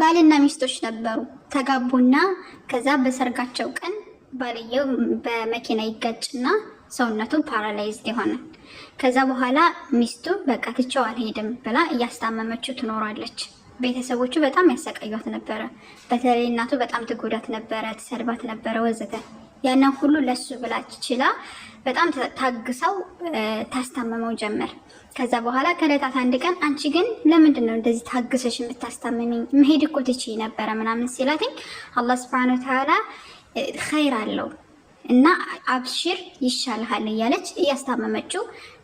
ባልና ሚስቶች ነበሩ። ተጋቡና ከዛ በሰርጋቸው ቀን ባልየው በመኪና ይጋጭና ሰውነቱ ፓራላይዝድ ይሆናል። ከዛ በኋላ ሚስቱ በቃ ትቼው አልሄድም ብላ እያስታመመችው ትኖራለች። ቤተሰቦቹ በጣም ያሰቃዩት ነበረ። በተለይ እናቱ በጣም ትጎዳት ነበረ፣ ትሰድባት ነበረ ወዘተ። ያንን ሁሉ ለሱ ብላች ችላ በጣም ታግሰው ታስታመመው ጀመር። ከዛ በኋላ ከዕለታት አንድ ቀን አንቺ ግን ለምንድን ነው እንደዚህ ታግሰሽ የምታስታምሚኝ? መሄድ እኮ ትችይ ነበረ ምናምን ሲላትኝ አላህ ስብሐነ ወተዓላ ኸይር አለው እና አብሽር ይሻልሃል እያለች እያስታመመችው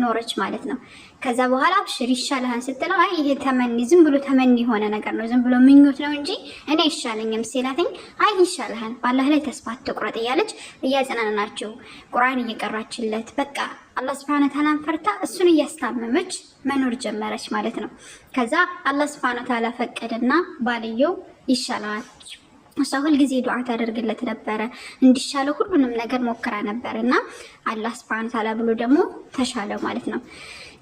ኖረች ማለት ነው። ከዛ በኋላ አብሽር ይሻልሃል ስትለው አይ ይሄ ተመኒ ዝም ብሎ ተመኒ የሆነ ነገር ነው፣ ዝም ብሎ ምኞት ነው እንጂ እኔ ይሻለኝም ሲላትኝ አይ ይሻልሃል፣ ባላህ ላይ ተስፋ አትቁረጥ እያለች እያጽናናችው፣ ቁርአን እየቀራችለት በቃ አላህ ስብሐነ ተዓላን ፈርታ እሱን እያስታመመች መኖር ጀመረች ማለት ነው። ከዛ አላህ ስብሐነ ተዓላ ፈቀደና ባልየው ይሻላል እሷ ሁልጊዜ ዱዓ ታደርግለት ነበረ። እንዲሻለው ሁሉንም ነገር ሞክራ ነበር እና አላህ ስብሐነ ታላ ብሎ ደግሞ ተሻለው ማለት ነው።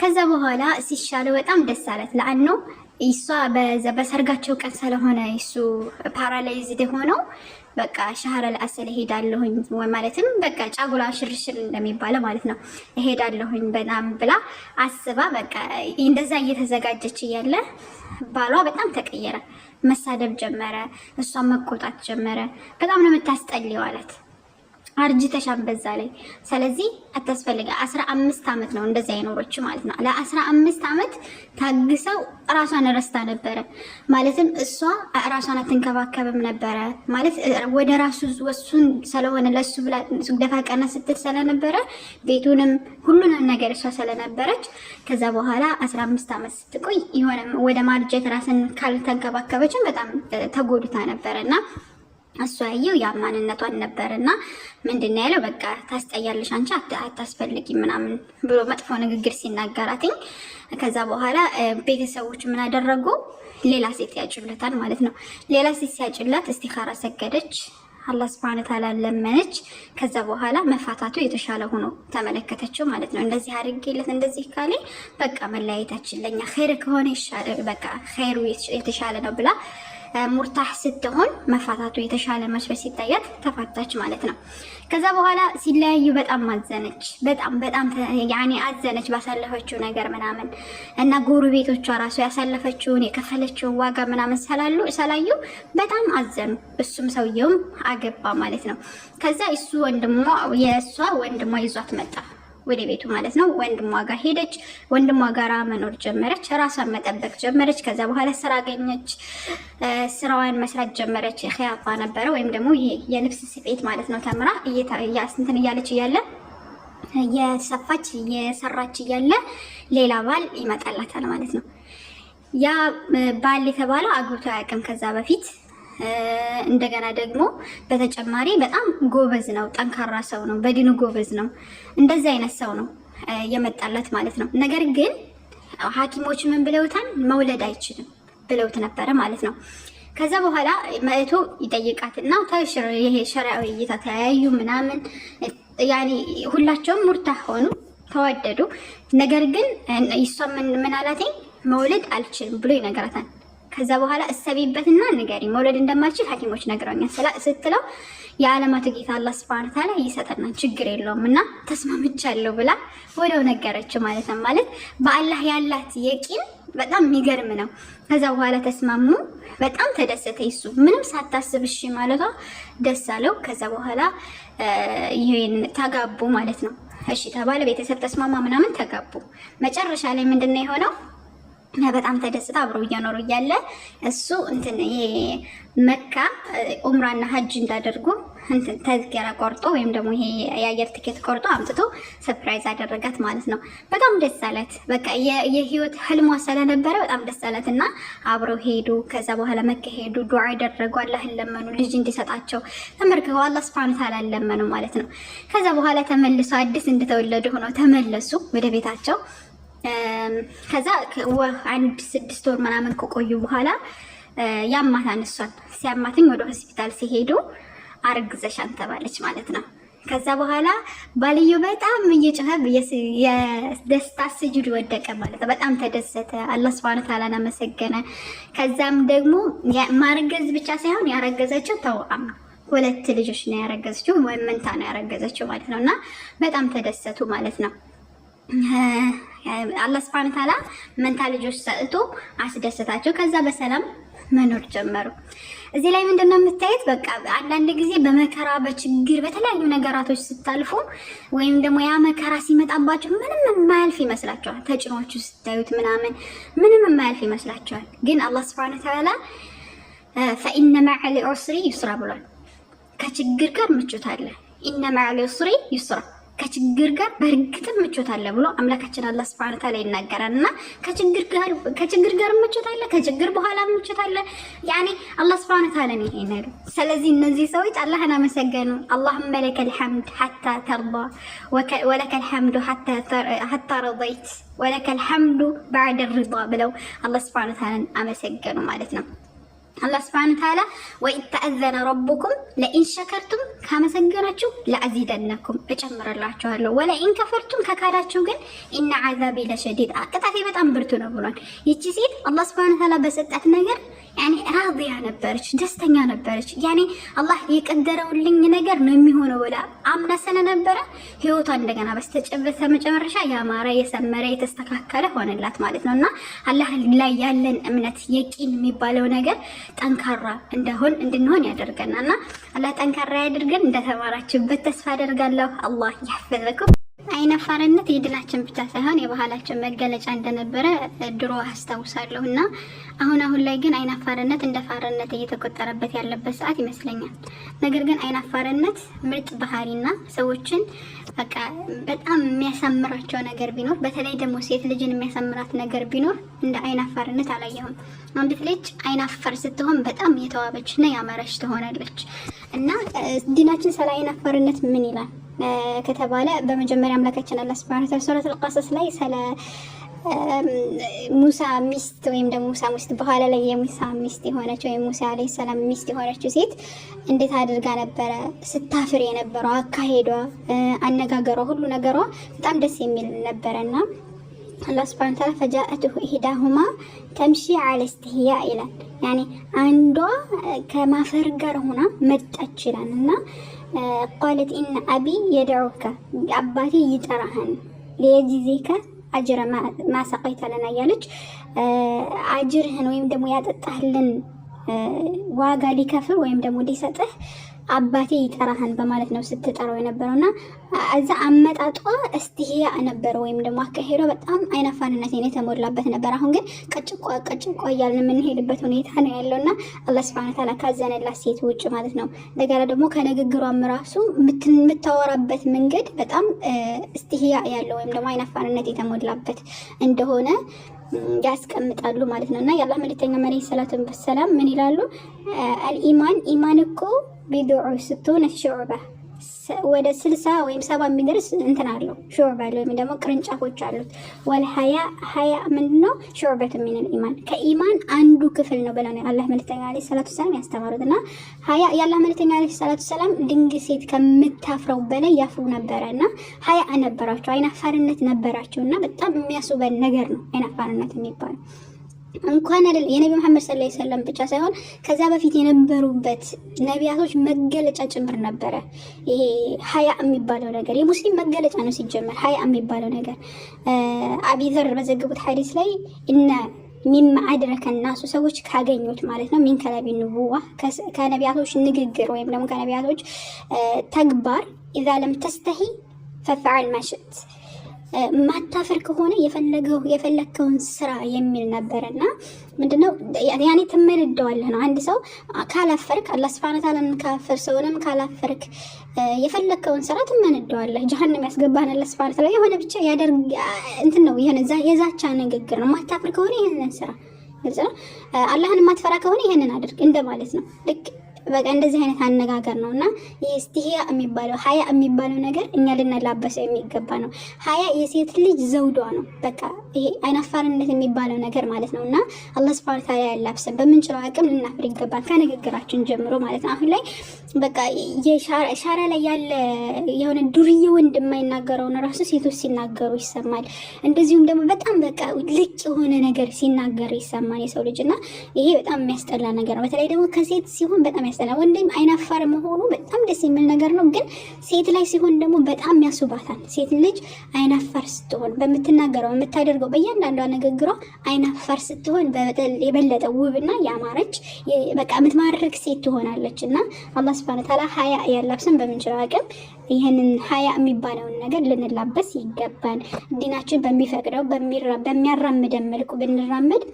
ከዛ በኋላ ሲሻለው በጣም ደስ አለት። ለአኑ እሷ በሰርጋቸው ቀን ስለሆነ እሱ ፓራላይዝድ የሆነው በቃ ሻህረ ለአሰል እሄዳለሁኝ ማለትም በቃ ጫጉላ ሽርሽር እንደሚባለው ማለት ነው እሄዳለሁኝ በጣም ብላ አስባ በቃ እንደዛ እየተዘጋጀች እያለ ባሏ በጣም ተቀየረ። መሳደብ ጀመረ፣ እሷን መቆጣት ጀመረ። በጣም ነው የምታስጠልየው አላት። አርጅተሻል በዛ ላይ ስለዚህ አታስፈልገ አስራ አምስት ዓመት ነው እንደዛ የኖረች ማለት ነው። ለአስራ አምስት ዓመት ታግሰው ራሷን ረስታ ነበረ ማለትም እሷ ራሷን አትንከባከብም ነበረ ማለት ወደ ራሱ ወሱን ስለሆነ ለሱ ብላ ደፋ ቀና ስትል ስለነበረ ቤቱንም ሁሉንም ነገር እሷ ስለነበረች ከዛ በኋላ አስራ አምስት ዓመት ስትቆይ የሆነ ወደ ማርጀት ራስን ካልተንከባከበችን በጣም ተጎድታ ነበረ እና እሱ ያየው ያ ማንነቷን ነበር እና ምንድን ነው ያለው፣ በቃ ታስጠያለሽ አንቺ አታስፈልጊ ምናምን ብሎ መጥፎ ንግግር ሲናገራትኝ፣ ከዛ በኋላ ቤተሰቦች ምን አደረጉ? ሌላ ሴት ያጭላታል ማለት ነው። ሌላ ሴት ሲያጭላት እስቲካራ ሰገደች፣ አላህ ስብሐነ ተዓላ ለመነች። ከዛ በኋላ መፋታቱ የተሻለ ሆኖ ተመለከተችው ማለት ነው። እንደዚህ አድርጌለት እንደዚህ ካለ በቃ መለያየታችን ለኛ ኸይር ከሆነ በቃ ኸይሩ የተሻለ ነው ብላ ሙርታህ ስትሆን መፋታቱ የተሻለ መስሎ ሲታያት ተፋታች ማለት ነው። ከዛ በኋላ ሲለያዩ በጣም አዘነች። በጣም በጣም ያኔ አዘነች ባሳለፈችው ነገር ምናምን እና ጎረቤቶቿ ራሱ ያሳለፈችውን የከፈለችውን ዋጋ ምናምን ስላሉ ስላዩ በጣም አዘኑ። እሱም ሰውየውም አገባ ማለት ነው። ከዛ እሱ ወንድሟ የእሷ ወንድሟ ይዟት መጣ። ወደ ቤቱ ማለት ነው። ወንድሟ ጋር ሄደች። ወንድሟ ጋራ መኖር ጀመረች። ራሷን መጠበቅ ጀመረች። ከዛ በኋላ ስራ አገኘች። ስራዋን መስራት ጀመረች። ያፋ ነበረ ወይም ደግሞ ይሄ የልብስ ስፌት ማለት ነው። ተምራ እንትን እያለች እያለ የሰፋች የሰራች እያለ ሌላ ባል ይመጣላታል ማለት ነው። ያ ባል የተባለው አግብቶ አያውቅም ከዛ በፊት እንደገና ደግሞ በተጨማሪ በጣም ጎበዝ ነው፣ ጠንካራ ሰው ነው፣ በዲኑ ጎበዝ ነው። እንደዚህ አይነት ሰው ነው የመጣላት ማለት ነው። ነገር ግን ሐኪሞች ምን ብለውታል? መውለድ አይችልም ብለውት ነበረ ማለት ነው። ከዛ በኋላ መእቶ ይጠይቃትና ይሄ ሸሪዓዊ እይታ ተያዩ ምናምን ያኔ ሁላቸውም ሙርታ ሆኑ ተዋደዱ። ነገር ግን እሷ ምን አላትኝ መውለድ አልችልም ብሎ ይነግራታል። ከዛ በኋላ እሰቢበትና ንገሪ መውለድ እንደማችል ሐኪሞች ነግረውኛል ስትለው የዓለማቱ ጌታ አላህ ሱብሃነሁ ወተዓላ ይሰጠናል፣ ችግር የለውም እና ተስማምቻለሁ ብላ ወደው ነገረችው ማለት ነው። ማለት በአላህ ያላት የቂን በጣም የሚገርም ነው። ከዛ በኋላ ተስማሙ። በጣም ተደሰተ። ይሱ ምንም ሳታስብ እሺ ማለቷ ደስ አለው። ከዛ በኋላ ይህን ተጋቡ ማለት ነው። እሺ ተባለ፣ ቤተሰብ ተስማማ፣ ምናምን ተጋቡ። መጨረሻ ላይ ምንድነው የሆነው? እና በጣም ተደስታ አብሮ እያኖሩ እያለ እሱ እንትን ይሄ መካ ኡምራና ሀጅ እንዳደርጉ እንትን ተዝገራ ቆርጦ ወይም ደግሞ ይሄ የአየር ትኬት ቆርጦ አምጥቶ ሰርፕራይዝ አደረጋት ማለት ነው። በጣም ደስ አላት። በቃ የህይወት ህልሟ ስለነበረ በጣም ደስ አላት እና አብረው ሄዱ። ከዛ በኋላ መካ ሄዱ። ዱዓ ያደረጉ አላህን ለመኑ፣ ልጅ እንዲሰጣቸው ተመርከው አላህ ስፋን ተዓላ ማለት ነው። ከዛ በኋላ ተመልሶ አዲስ እንደተወለዱ ሆኖ ተመለሱ ወደ ቤታቸው። ከዛ አንድ ስድስት ወር ምናምን ከቆዩ በኋላ ያማት አነሷል። ሲያማትኝ ወደ ሆስፒታል ሲሄዱ አርግዘሻን ተባለች ማለት ነው። ከዛ በኋላ ባልዩ በጣም እየጮኸ የደስታ ስጁድ ወደቀ ማለት ነው። በጣም ተደሰተ። አላህ ሱብሃነሁ ተዓላን አመሰገነ። ከዛም ደግሞ ማረገዝ ብቻ ሳይሆን ያረገዘችው ተውአም ነው። ሁለት ልጆች ነው ያረገዘችው፣ ወይም መንታ ነው ያረገዘችው ማለት ነው። እና በጣም ተደሰቱ ማለት ነው። አላህ ስብሐነ ተዓላ መንታ ልጆች ሰጥቶ አስደሰታቸው። ከዛ በሰላም መኖር ጀመሩ። እዚህ ላይ ምንድነው የምታዩት? በቃ አንዳንድ ጊዜ በመከራ በችግር በተለያዩ ነገራቶች ስታልፉ ወይም ደግሞ ያ መከራ ሲመጣባቸው ምንም የማያልፍ ይመስላችኋል። ተጭኖቹ ስታዩት ምናምን ምንም የማያልፍ ይመስላችኋል። ግን አላህ ስብሐነ ተዓላ ፈኢነ መዐል ዑስሪ ዩስራ ብሏል። ከችግር ጋር ምቾት አለ። ኢነ መዐል ዑስሪ ዩስራ ከችግር ጋር በእርግጥም ምቾት አለ ብሎ አምላካችን አላህ ሱብሐነሁ ወተዓላ ይናገራል። እና ከችግር ጋር ምቾት አለ፣ ከችግር በኋላ ምቾት አለ። ያኔ አላህ ሱብሐነሁ ወተዓላ ነው ይሄ ነገር። ስለዚህ እነዚህ ሰዎች አላህን አመሰገኑ። አላሁመ ለከል ሐምድ ሐታ ተርዳ ወለከል ሐምዱ ሐታ ረዳይት ወለከል ሐምዱ በዕደ ሪዳ ብለው አላህ ሱብሐነሁ ወተዓላን አመሰገኑ ማለት ነው። አላህ ሱብሓነሁ ወተዓላ ወይ ተአዘነ ረቡኩም ለኢን ሸከርቱም ካመሰገናችሁ ለአዚደነኩም እጨምርላችኋለሁ፣ ወለኢን ከፈርቱም ከካዳችሁ ግን እና አዛቢ ለሸዲድ ቅጣቴ በጣም ብርቱ ነው ብሏል። ይቺ ሴት አላህ ሱብሓነሁ ወተዓላ በሰጣት ነገር ያኔ ራዲያ ነበረች፣ ደስተኛ ነበረች። ያኔ አላህ የቀደረውልኝ ነገር ነው የሚሆነው ብላ አምና ስለነበረ ህይወቷ እንደገና በስተጨበሰ መጨረሻ ያማረ የሰመረ የተስተካከለ ሆነላት ማለት ነው። እና አላህ ላይ ያለን እምነት የቂን የሚባለው ነገር ጠንካራ እንደሆን እንድንሆን ያደርገናል። እና አላህ ጠንካራ ያድርገን። እንደተማራችሁበት ተስፋ አደርጋለሁ። አላህ ያፈዘኩም አውታርነት የድላችን ብቻ ሳይሆን የባህላችን መገለጫ እንደነበረ ድሮ አስታውሳለሁ እና አሁን አሁን ላይ ግን አይናፋርነት እንደ ፋርነት እየተቆጠረበት ያለበት ሰዓት ይመስለኛል። ነገር ግን አይናፋርነት ምርጥ ባህሪና ሰዎችን በቃ በጣም የሚያሳምራቸው ነገር ቢኖር፣ በተለይ ደግሞ ሴት ልጅን የሚያሳምራት ነገር ቢኖር እንደ አይናፋርነት አላየሁም። አንዲት ልጅ አይናፋር ስትሆን በጣም የተዋበችና ያማረች ትሆናለች እና ዲናችን ስለ አይናፋርነት ምን ይላል? ከተባለ በመጀመሪያ አምላካችን አላህ ሱብሐነሁ ወተዓላ ሱረቱል ቀሰስ ላይ ስለ ሙሳ ሚስት ወይም ደግሞ ሙሳ ሚስት በኋላ ላይ የሙሳ ሚስት የሆነችው ወይም ሙሳ አለይሂ ሰላም ሚስት የሆነችው ሴት እንዴት አድርጋ ነበረ ስታፍር የነበረው አካሄዷ፣ አነጋገሯ፣ ሁሉ ነገሯ በጣም ደስ የሚል ነበረና አላህ ሱብሐነሁ ወተዓላ ፈጃአትሁ ኢህዳሁማ ተምሺ አለ ስትህያ ይላል። ያኔ አንዷ ከማፈር ጋር ሆና መጣች ይላል እና ቃለት ኢነ አቢ የድዑከ አባቴ ይጠራህን ሊየጅዜከ አጅረ ማሰቀይተ ለና እያለች አጅርህን ወይም ደግሞ ያጠጣህልን ዋጋ ሊከፍል ወይም ደግሞ ሊሰጥህ አባቴ ይጠራህን በማለት ነው ስትጠራው የነበረው እና እዛ አመጣጧ እስትሄያ ነበር ወይም ደግሞ አካሄዷ በጣም አይናፋንነት የተሞላበት ነበር። አሁን ግን ቀጭቋ ቀጭቋ እያልን የምንሄድበት ሁኔታ ነው ያለው እና አላህ ስብሐነ ወተዓላ ካዘነላት ሴት ውጭ ማለት ነው። እንደገና ደግሞ ከንግግሯም ራሱ የምታወራበት መንገድ በጣም እስትሄያ ያለው ወይም ደግሞ አይናፋንነት የተሞላበት እንደሆነ ያስቀምጣሉ ማለት ነው እና የአላህ መልእክተኛ መሪ ሰላቱ በሰላም ምን ይላሉ? አልኢማን ኢማን እኮ ቢድዑ ስትሆነ ሸዑባ ወደ ስልሳ ወይም ሰባ የሚደርስ እንትን አለው ሹዕባ አለ ወይም ደግሞ ቅርንጫፎች አሉት። ወልሀያ ሀያ ምንድን ነው? ሹዕበት የሚንል ኢማን ከኢማን አንዱ ክፍል ነው ብለው አላህ መልክተኛ ለ ሰላቱ ሰላም ያስተማሩት እና ሀያ የአላህ መልክተኛ ለ ሰላቱ ሰላም ድንግ ሴት ከምታፍረው በላይ ያፍሩ ነበረ እና ሀያ ነበራቸው አይናፋርነት ነበራቸው እና በጣም የሚያስበን ነገር ነው አይናፋርነት የሚባለው እንኳን አይደለም የነቢ መሐመድ ሰለላሁ ዐለይሂ ወሰለም ብቻ ሳይሆን ከዛ በፊት የነበሩበት ነቢያቶች መገለጫ ጭምር ነበረ። ይሄ ሀያ የሚባለው ነገር የሙስሊም መገለጫ ነው። ሲጀመር ሀያ የሚባለው ነገር አቢዘር በዘገቡት ሐዲስ ላይ እና ሚም አድረከ እናሱ ሰዎች ካገኙት ማለት ነው። ሚን ከላቢ ንቡዋ ከነቢያቶች ንግግር ወይም ደግሞ ከነቢያቶች ተግባር ኢዛ ለም ተስተሂ ፈፍዐል ማሸት ማታፈር ከሆነ የፈለገው የፈለግከውን ስራ የሚል ነበር እና ምንድነው ያኔ ትመነደዋለህ ነው። አንድ ሰው ካላፈርክ አላህ ሱብሐነሁ ወተዓላ ካፈር ሰውንም ካላፈርክ የፈለግከውን ስራ ትመነደዋለህ። ጀሀነም ያስገባን አላህ ሱብሐነሁ ወተዓላ የሆነ ብቻ ያደርግ እንትን ነው። ይሄን የዛቻ ንግግር ነው። ማታፈር ከሆነ ይህንን ስራ ግልጽ ነው። አላህን ማትፈራ ከሆነ ይህንን አድርግ እንደማለት ነው ልክ በቃ እንደዚህ አይነት አነጋገር ነው እና የስትህያ የሚባለው ሀያ የሚባለው ነገር እኛ ልንላበሰው የሚገባ ነው። ሀያ የሴት ልጅ ዘውዷ ነው። በቃ ይሄ አይናፋርነት የሚባለው ነገር ማለት ነው እና አላህ ስብሐ ወተዓላ ያላብሰን። በምንችለው አቅም ልናፍር ይገባል፣ ከንግግራችን ጀምሮ ማለት ነው። አሁን ላይ በቃ ሻራ ላይ ያለ የሆነ ዱርዬ ወንድ የማይናገረውን ራሱ ሴቶች ሲናገሩ ይሰማል። እንደዚሁም ደግሞ በጣም በቃ ልቅ የሆነ ነገር ሲናገር ይሰማል የሰው ልጅ እና ይሄ በጣም የሚያስጠላ ነገር ነው። በተለይ ደግሞ ከሴት ሲሆን በጣም ያስጠላ። ወንድም አይናፋር መሆኑ በጣም ደስ የሚል ነገር ነው፣ ግን ሴት ላይ ሲሆን ደግሞ በጣም ያስባታል። ሴት ልጅ አይናፋር ስትሆን በምትናገረው በምታደርገው በእያንዳንዷ ንግግሯ አይናፋር ስትሆን የበለጠ ውብና ያማረች በቃ የምትማርክ ሴት ትሆናለች። እና አላህ ሱብሃነሁ ወተዓላ ሀያ ያላብሰን በምንችለው አቅም ይህንን ሀያ የሚባለውን ነገር ልንላበስ ይገባል። ዲናችን በሚፈቅደው በሚያራምደን መልኩ ብንራመድ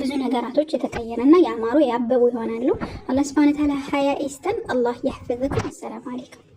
ብዙ ነገራቶች የተቀየረና ያማሩ ያበቡ ይሆናሉ። አላህ ሱብሃነሁ ወተዓላ ሀያ ኢስተን አላህ ያህፍዝኩም። አሰላሙ አለይኩም